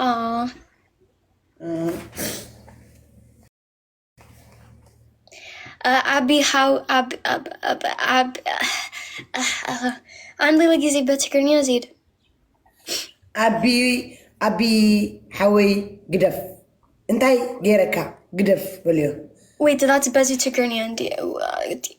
Aa. አቢ ሀው አንድ ጊዜ በትግርኛ ዜድ አቢ አቢ ሓወይ ግደፍ እንታይ ገይረካ ግደፍ በልዮ ወይ ትላት በዚህ ትግርኛ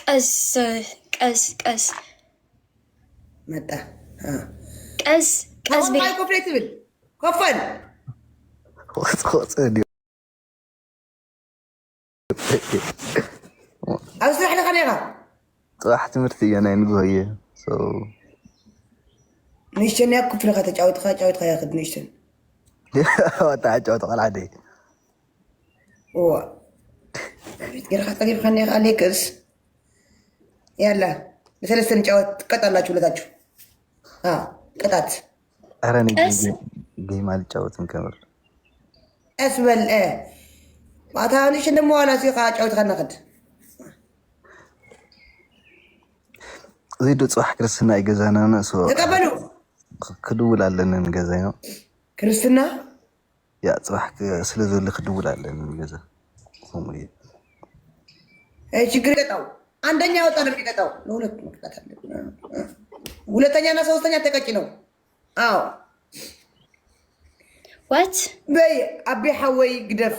ቀስ ቀስ ቀስ መጣ ቀስ ቀስ ቤ ትብል Confirm. What's what's in you? أو سلاح لغنيرة صراحة تمرتي أنا نقوية so نيشتن ياكو في لغة تعود خا تعود خا ياخد نيشتن تعود تعود خا العادي و غير خا تقريبا خلني عليكس يلا بثلاثة نتعود قطع الله شو لذاتشو ها قطعت أراني ጌም አልጫወትም ከምር እስበልአ ማታ ንሽ ደሞ ሲ ከዓ ጫወትካ ነክድ እዚ ዶ ክርስትና እዩ ገዛና ተቀበሉ ክድውል ኣለንን ገዛ ኢኖ ክርስትና ያ ፅባሕ ስለ ዘሎ ክድውል ኣለንን ገዛ ከምኡ እዩ ችግር ገጠው አንደኛ ወጣ ነው የሚቀጣው። ለሁለቱ መቅጣት አለ። ሁለተኛና ሶስተኛ ተቀጭ ነው። አዎ ወት በይ አቢ ሓወይ ግደፍ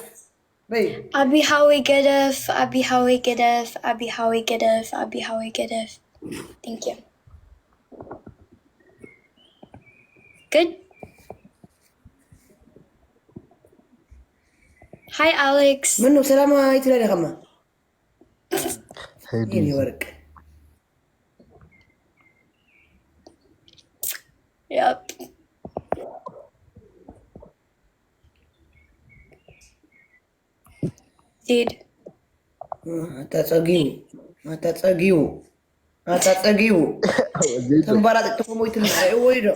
በይ አቢ ሓወይ ገደፍ አቢ ሓወይ ገደፍ አቢ ሓወይ ገደፍ አቢ ሓወይ ገደፍ ቴንክ ዩ good hi alex ምነው ሰላም ይትላለኸማ ወርቅ Yep. ዴድ አታጸጊው አታጸጊው አታጸጊው ተንባላጥጥፎ ሞይት ወይ ዶ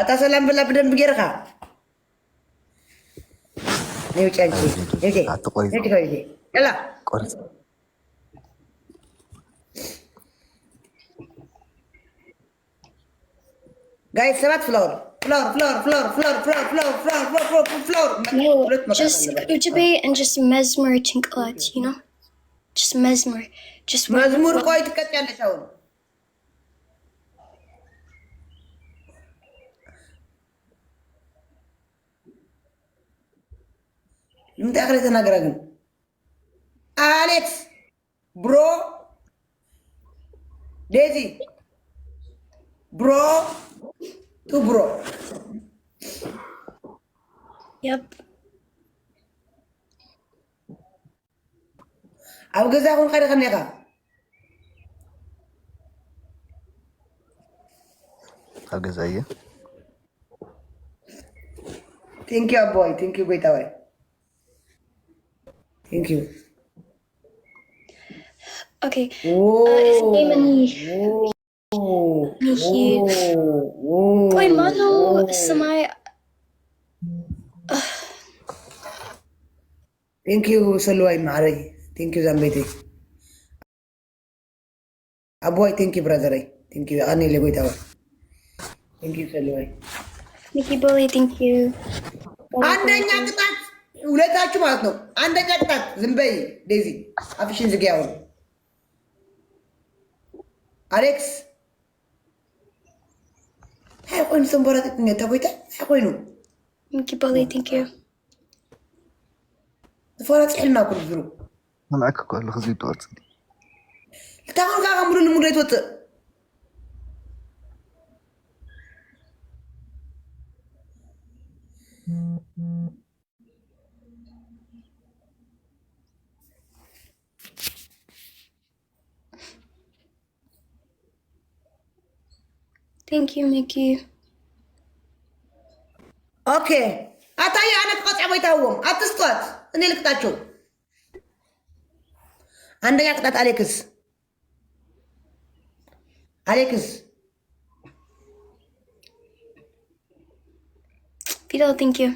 አታ ብላ በደንብ ጌርካ ውጭ አንቺ ቆይ ቆይ ቆይ Guys, سبت floor. Floor, floor, floor, floor, floor, floor, floor, floor, floor, floor. No, just be and just mesmer tinklet, you know? Just mesmer. Just መዝሙር ቆይ ትቀጫለሽ አሁን ምንጣ አክሬ ተናገራ ግን አሌክስ ብሮ ዴዚ ብሮ ቱብሮ grow. Yep. ኣብ ገዛኹም ከደ ከመይ ኢኻ ኣብ ገዛ እየ ቴንኪዩ ኣቦይ ቴንኪዩ ጎይታወይ ቴንኪዩ ኦኬ you. Ooh, ooh, Samai. Thank you, Saluai Mari. Thank you, Zambiti. Abuai, thank you, brother. Thank you, Ani Leguitawa. Thank you, Saluai. Thank you, Bully. Thank you. አንደኛ ቅጣት ሁለታችሁ ማለት ነው። አንደኛ ቅጣት ዝም በይ ዴዚ፣ አፍሽን ዝጊ። አሁን አሌክስ هاي قوينو سمبورا تتنيا تابويتا هاي قوينو بالي تنكي فورا تحلنا كل ذرو نمعك كو على الخزي دوات تاغن كاغا مرو نمرو يتوت mm ቴንክ ዩ ሚኪ ኦኬ። አታየ አነት ቆጻ ቦይታወም አትስጧት። እኔ ልቅጣቸው። አንደኛ ቅጣት አሌክስ አሌክስ ፊሎ ቴንክ ዩ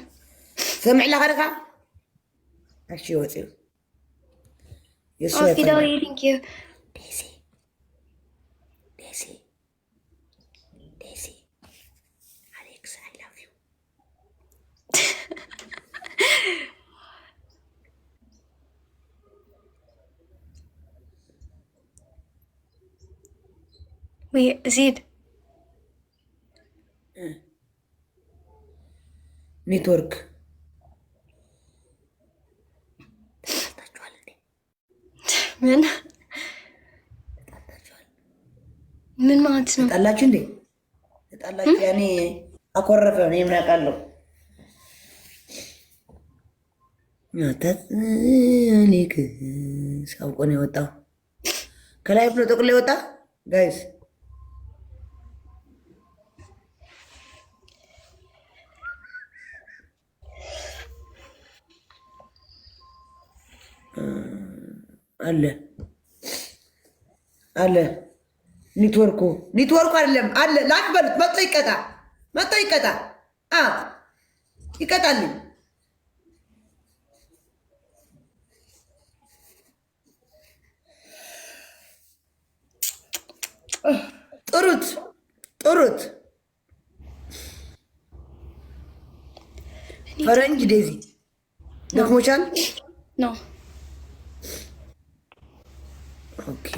ሰምዕላ ከደካ እሺ ወፂ ፊሎ ቴንክ ዩ ዜድ ኔትወርክ ምን ምን ማለት ነው? ጣላችሁ እንዴ? ጣላችሁ ያኔ አኮረፈ ነው ምን አውቃለሁ። ሳውቆ ነው የወጣው ከላይ ብሎ ጠቅሎ ወጣ ጋይስ አለ አለ ኔትወርኩ ኔትወርኩ አይደለም አለ ላክ በሉት። መጥቶ ይቀጣ መጥቶ ይቀጣ አ ይቀጣልኝ ጥሩት ጥሩት ፈረንጅ ዴዚ ደክሞቻል ነው። ኦኬ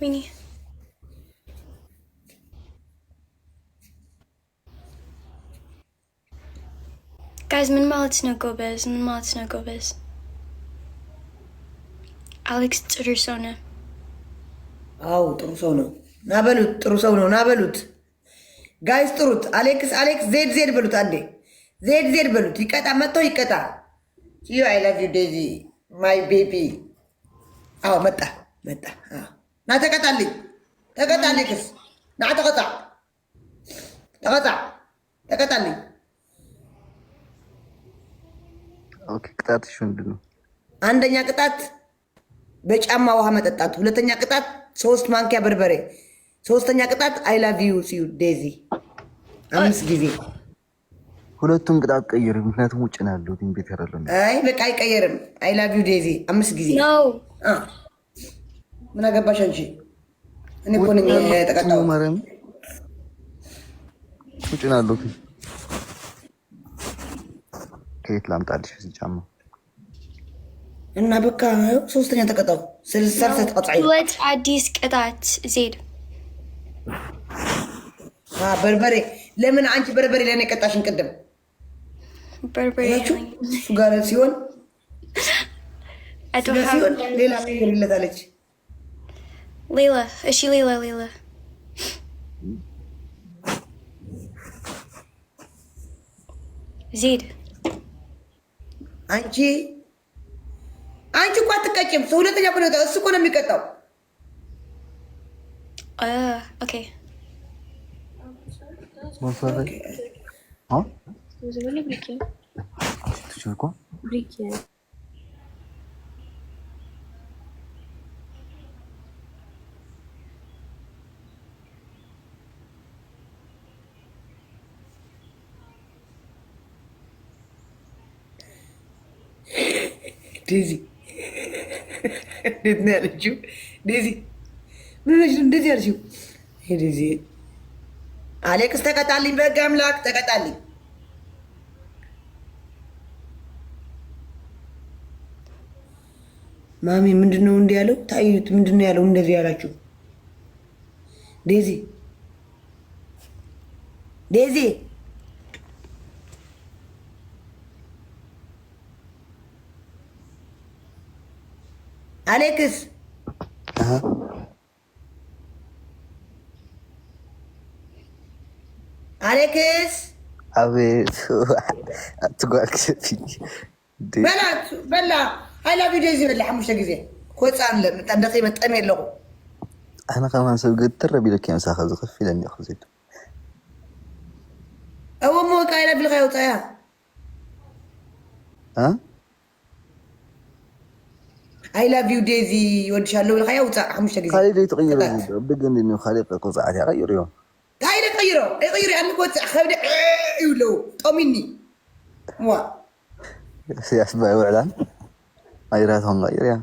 ሚኒ ጋይዝ ምን ማለት ነው ጎበዝ? ምን ማለት ነው ጎበዝ? አሌክስ ጥሩ ሰው ነው። አዎ ጥሩ ሰው ነው። ና በሉት፣ ጥሩ ሰው ነው። ና በሉት ጋይዝ፣ ጥሩት። አሌክስ አሌክስ፣ ዜድ ዜድ በሉት። አንዴ ዜድ ዜድ በሉት። ይቀጣ መጥቶ ይቀጣ። ዩ አይ ላቭ ዩ ዴዚ ማይ ቤቢ አዎ፣ መጣ መጣ። ና ተቀጣልኝ፣ ተቀጣልኝ፣ ክስ ና ተቀጣዕ፣ ተቀጣዕ፣ ተቀጣልኝ። ቅጣትሽ ምንድን ነው? አንደኛ ቅጣት በጫማ ውሃ መጠጣት፣ ሁለተኛ ቅጣት ሶስት ማንኪያ በርበሬ፣ ሶስተኛ ቅጣት አይ ላቭ ዩ ዴዚ አምስት ጊዜ ሁለቱም ቅጣት ቀይር። ምክንያቱም ውጭ ነው ያለሁት ቤት ያደለ። አይ በቃ አይቀየርም። አይ ላቭ ዩ ዴዚ አምስት ጊዜ ምን አገባሽ አንቺ? እኔ እኮ ነኝ የተቀጣው። ውጭ ነው ያለሁት። ከየት ላምጣልሽ እዚህ ጫማ እና በቃ ሶስተኛ ተቀጣው። ስልሰርተ ተቀጣ ወጥ አዲስ ቅጣት ዜድ በርበሬ ለምን አንቺ በርበሬ ለእኔ ቀጣሽን ቅድም እሱ ጋር ሲሆን ሲሆን ሌላ ነገር ይለታለች። ሌላ እሺ፣ ሌላ ሌላ ዜድ አንቺ አንቺ እኮ አትቀጭም። ሁለተኛ ኮ እሱ እኮ ነው የሚቀጣው። ኦኬ Называли Брике? Что, чего? Брике. ዴዚ እንዴት ነው ያለችው? ዴዚ ምን ሆነሽ ነው እንደዚህ ያልሽው? ዴዚ አሌክስ ተቀጣልኝ፣ በሕግ አምላክ ተቀጣልኝ። ማሚ ምንድን ነው እንዲህ ያለው? ታዩት ምንድን ነው ያለው? እንደዚህ ያላችሁ ዴዚ ዴዚ አሌክስ አሌክስ አቤት አትጓክ በላ በላ ሃይላንድ እዩ ዝበለ ሓሙሽተ ግዜ ክወፃን ለ ምጣ እንዳከይመጠን ኣለኹ ኣነ ከዓ ማንሰብ ገጥር ኣቢለካ ምሳኻ ዝኸፍ ኢለኒ ክዜዱ እዎ እሞ ወቃ ኢላ ብልካ የውፃያ ኣይ ላቭ ዩ ዴዚ ይወድሻለሁ ኢልካ የውፃእ ሓሙሽተ ግዜ ካሊእ ዘይተቀይሮ ብግን ካሊእ ክፅዓት ይቀይሩ እዮም ካይደ ቀይሮ ኣይቀይሩ ኣነ ክወፅእ ከብደ እዩ ኣለዉ ጠሚኒ ዋ ያስባይ ውዕላን Ahí on like, yeah.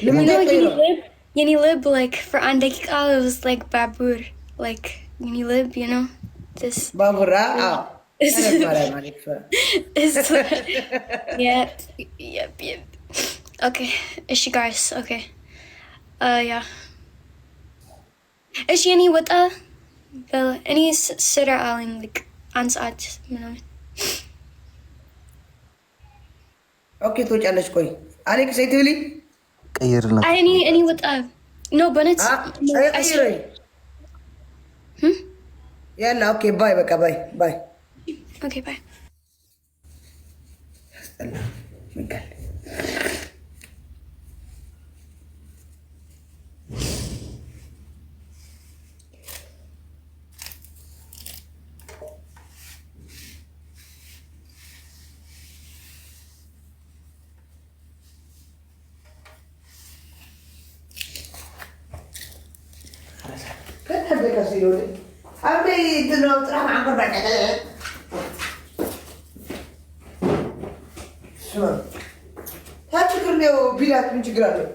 You no, gjenilib, gjenilib, like, for Andek all. it was like Babur, like, Gjenilib, you know? This. is. Babura? it's, yep, yep, yep. Okay, guys? okay. Uh, yeah. Is she any with uh, the Any sitter aling, like, ansat, you know? ኦኬ ትወጫለች። ቆይ አሌክስ አይትብሊ ቀይርላት። አይ እኔ እኔ ወጣ ነው በነጭ ያለ ኦኬ ባይ በቃ ባይ ባይ ኦኬ ባይ ከስ ኢሉኒ ኣብደይ ድነው ጥራሕ መዓንኮር ባዕ ስማ ታ ችግር እኒአዎ ቢላት ምን ችግር ኣለዎ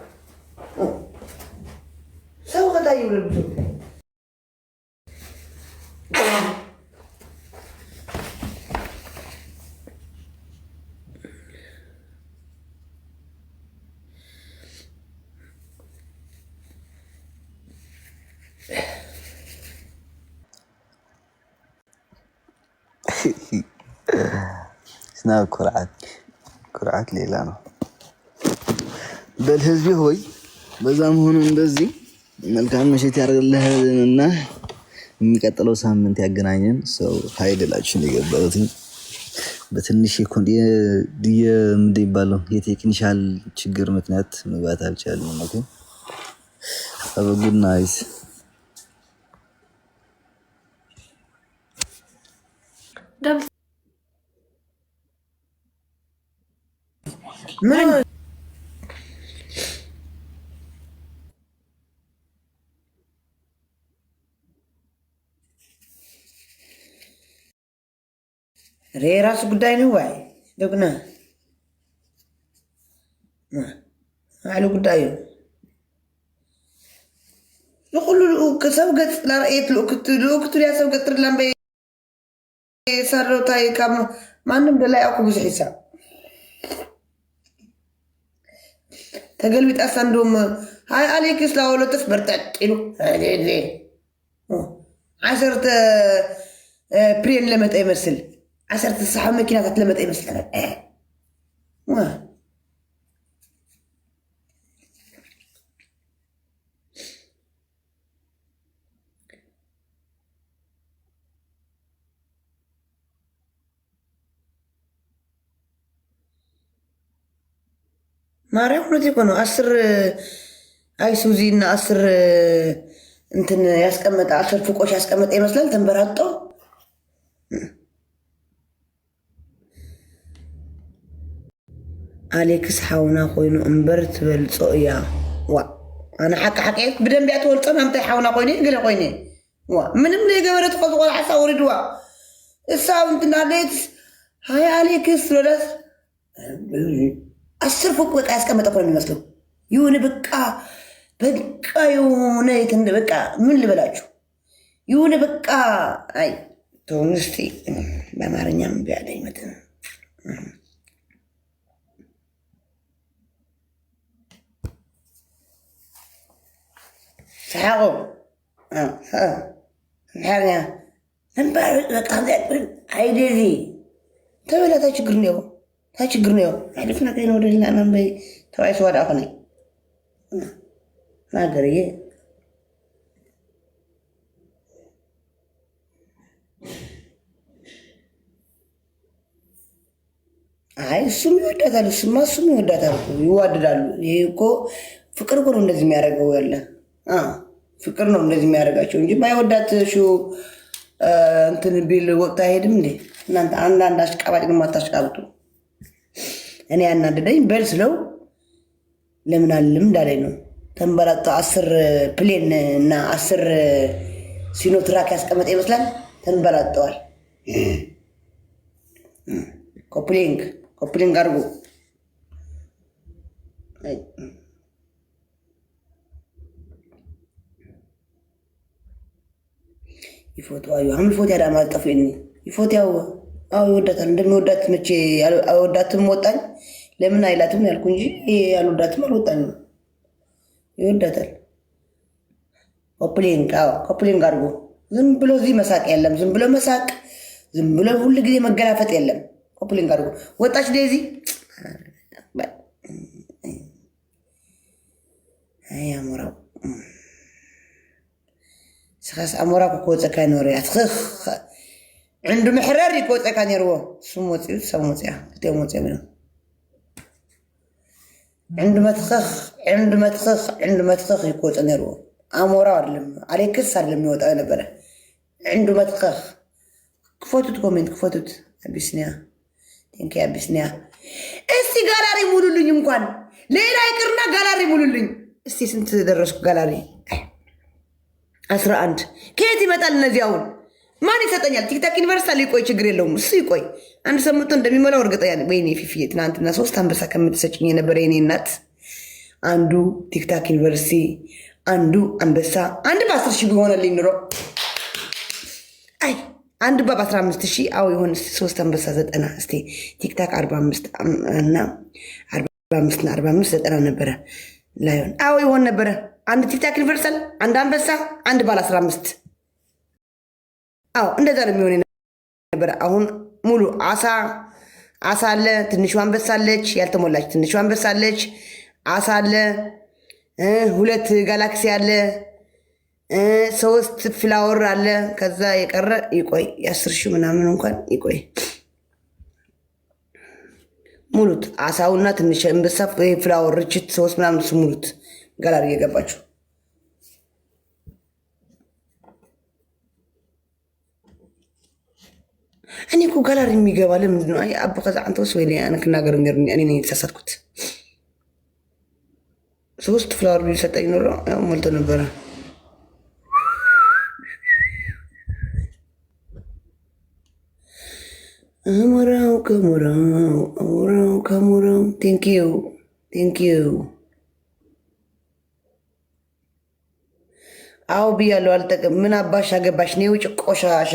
ናብ ኩርዓት ኩርዓት ሌላ ነው። በል ህዝቢ ሆይ በዛ መሆኑ እንደዚህ መልካም ምሽት ያደርግልህልና የሚቀጥለው ሳምንት ያገናኘን። ሰው ሀይደላችን የገባበትኝ በትንሽ ድየ ምንድን ይባለው የቴክኒሻል ችግር ምክንያት መግባት አልቻልንም። ሀበ ጉድ ናይት የራሱ ጉዳይ ነው ወይ ደግና አሉ ጉዳዩ ንኩሉ ሰብ ገፅ ላርአየት ልኡክቱ ያ ሰብ ገፅር ላንበ ሳሮታይ ካብ ማንም ደላይኣኩ ብዙሕ ሒሳብ ከገል ቢጠፋ ሃይ አይ አሌክስ ላወለጥፍ በርጠጥ ኢሉ ዓሰርተ ፕሬን ለመጠ ይመስል ዓሰርተ ሰሓብ መኪናታት ለመጠ ይመስል ما رايح لك كونو اسر اي سوزي ان اسر انتن ياسكمت اسر فوقوش ياسكمت اي مسلل تنبراتو عليكس حاونا خوينو امبرت بلصو يا وا انا حق حقيت بدن بيات ولصو ما متي حاونا خويني غير خويني وا من ملي غبرت قوز قوز حسا وريدوا الساو انتن عليكس هاي عليكس لو አስር ፎቅ በቃ ያስቀመጠ እኮ ነው የሚመስለው። የሆነ በቃ በቃ የሆነ የትን በቃ ምን ልበላችሁ የሆነ በቃ አይ ተውንስ በአማርኛም ቢያለኝ መትን ሳያቆ ያ ነባር በቃ አይደዚ ተበላታ ችግር ነው። ታ ችግር ነው? አሊፍና ከይነ ወደ ሌላ መንበይ ተባይስ ዋዳ ኮነ ናገር እየ አይ እሱም ይወዳታል፣ እሱማ እሱም ይወዳታል፣ ይዋደዳሉ። ይሄ እኮ ፍቅር እኮ ነው እንደዚህ የሚያደርገው ያለ ፍቅር ነው እንደዚህ የሚያደርጋቸው እንጂ ባይወዳት ሹ እንትን ቢል ወቅት አይሄድም እንዴ እናንተ አንዳንድ አሽቃባጭ ነው የማታሽቃብጡ እኔ ያናደደኝ በል ስለው ለምን አልልም እንዳለኝ ነው። ተንበላጦ አስር ፕሌን እና አስር ሲኖትራክ ያስቀመጠ ይመስላል። ተንበራጠዋል። ኮፕሊንግ ኮፕሊንግ አድርጎ ይፎቶ አዩ አሁን ይፎት ያዳማ ጠፍ ይፎት ያው አዎ ይወዳታል። እንደሚወዳት መቼ አይወዳትም? ወጣኝ ለምን አይላትም ያልኩ እንጂ ያልወዳትም አልወጣኝም። ይወዳታል። ኮፕሊንግ አዎ ኮፕሊንግ አድርጎ ዝም ብሎ እዚህ መሳቅ የለም። ዝም ብሎ መሳቅ፣ ዝም ብሎ ሁል ጊዜ መገላፈጥ የለም። ኮፕሊንግ አድርጎ ወጣች ዴዚ አሞራው ስኻስ አሞራ ኮ ክወፀካ ይኖርያ عند محرر يقوص كان يروه سموتي سموتي تيموتي منه عند متخخ عند متخخ عند متخخ يقوص يروه አሞራ አይደለም አሌ ክስ አይደለም የሚወጣው የነበረ ዕንዱ መትኸህ ክፈቱት፣ ኮሜንት ክፈቱት። አቢስኒያ ቴንኪ አቢስኒያ። እስቲ ጋላሪ ሙሉልኝ፣ እንኳን ሌላ ይቅርና ጋላሪ ሙሉልኝ። እስቲ ስንት ደረስኩ? ጋላሪ አስራ አንድ ከየት ይመጣል እነዚህ አሁን ማን ይሰጠኛል? ቲክታክ ዩኒቨርሳል ይቆይ፣ ችግር የለውም እሱ ይቆይ። አንድ ሰምቶ እንደሚሞላው እርግጠኛ ነኝ። ወይኔ ፊፍዬ፣ ትናንትና ሶስት አንበሳ ከምትሰጭኝ የነበረ የኔ እናት፣ አንዱ ቲክታክ ዩኒቨርሲቲ፣ አንዱ አንበሳ፣ አንድ በአስር ሺህ ቢሆነልኝ ኑሮ አይ አንድ በአስራ አምስት ሺህ አዎ፣ የሆን ሶስት አንበሳ ዘጠና እስኪ ቲክታክ አርባ አምስት እና አርባ አምስት እና አርባ አምስት ዘጠና ነበረ ላይሆን አዎ፣ የሆን ነበረ አንድ ቲክታክ ዩኒቨርሳል፣ አንድ አንበሳ፣ አንድ ባለ አስራ አምስት አዎ እንደዛ ነው የሚሆን ነበር። አሁን ሙሉ አሳ አሳ አለ፣ ትንሿ አንበሳ አለች፣ ያልተሞላች ትንሿ አንበሳ አለች፣ አሳ አለ፣ ሁለት ጋላክሲ አለ፣ ሶስት ፍላወር አለ። ከዛ የቀረ ይቆይ የአስር ሺህ ምናምን እንኳን ይቆይ ሙሉት። አሳውና ትንሽ አንበሳ ፍላወር ርችት ሶስት ምናምን ሙሉት። ጋላር እየገባችሁ እኔ እኮ ጋላሪ የሚገባ ለምንድን ነው? አቦ ከዛ አንተ ወስ ወይ ክናገር ንገር። እኔ ነው የተሳሳትኩት። ሶስት ፍላወር ቢሰጠኝ ኖሮ ያው ሞልቶ ነበረ። አሞራው ከሞራው አሞራው ከሞራው ቴንኪዩ ቴንኪዩ። አዎ ብያለሁ። አልጠቅም ምን አባሽ አገባሽ? ኔ ውጭ ቆሻሻ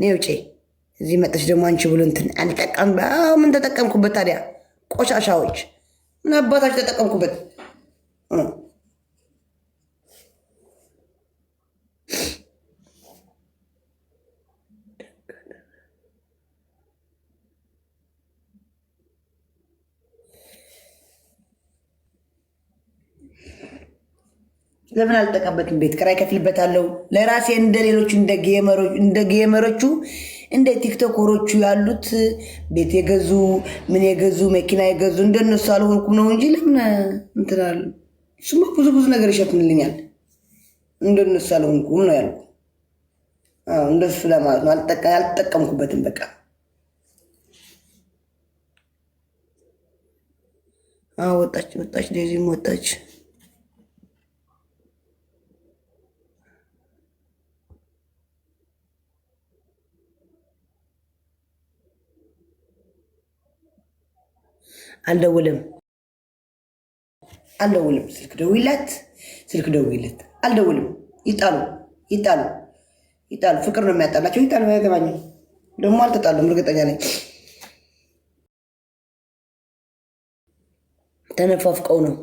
ኔ ውጭ እዚህ መጠች ደግሞ አንቺ ብሎ እንትን አልጠቀም ምን ተጠቀምኩበት ታዲያ? ቆሻሻዎች ምን አባታች ተጠቀምኩበት? ለምን አልጠቀምበትም? ቤት ኪራይ ከፍልበታለሁ ለራሴ እንደ ሌሎቹ እንደ ጌመሮቹ እንደ ቲክቶከሮቹ ያሉት ቤት የገዙ ምን የገዙ መኪና የገዙ እንደነሱ አልሆንኩም ነው እንጂ ለምን እንትናል። እሱማ ብዙ ብዙ ነገር ይሸፍንልኛል። እንደነሱ አልሆንኩም ነው ያልኩ። እንደሱ ለማለት ነው። አልጠቀምኩበትም በቃ ወጣች ወጣች፣ ደዚህም ወጣች። አልደውልም አልደውልም። ስልክ ደውይለት፣ ስልክ ደውይለት። አልደውልም። ይጣሉ ይጣሉ ይጣሉ። ፍቅር ነው የሚያጣላቸው። ይጣሉ። ያገባኝ ደግሞ አልተጣሉም፣ እርግጠኛ ነኝ። ተነፋፍቀው ነው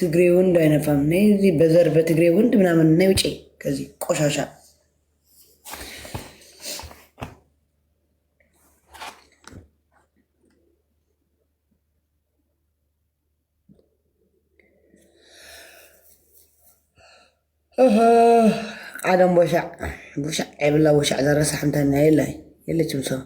ትግሬ ወንድ አይነፋም። እዚህ በዘር በትግሬ ወንድ ምናምን እና ውጪ ከዚህ ቆሻሻ ዓለም ቦሻዕ ቦሻዕ የብላ ቦሻዕ ዘረሳ ሓንታ የለችም ሰው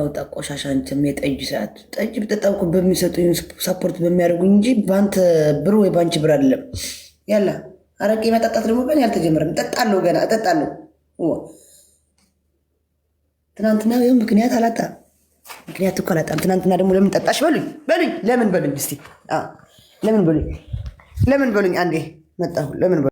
አውጣ ቆሻሻ አንተም የጠጅ ሰዓት ጠጅ ብጠጣ በሚሰጡኝ ሳፖርት በሚያደርጉኝ እንጂ በአንተ ብር ወይ በአንቺ ብር አይደለም። ያላ አረቄ መጠጣት ደግሞ ገና ያልተጀመረም እጠጣለሁ፣ ገና እጠጣለሁ። ትናንትና ይኸው ምክንያት አላጣ ምክንያት እኮ አላጣም። ትናንትና ደግሞ ለምን ጠጣሽ በሉኝ፣ በሉኝ፣ ለምን በሉኝ፣ እስኪ ለምን በሉኝ፣ ለምን በሉኝ። አንዴ መጣሁ፣ ለምን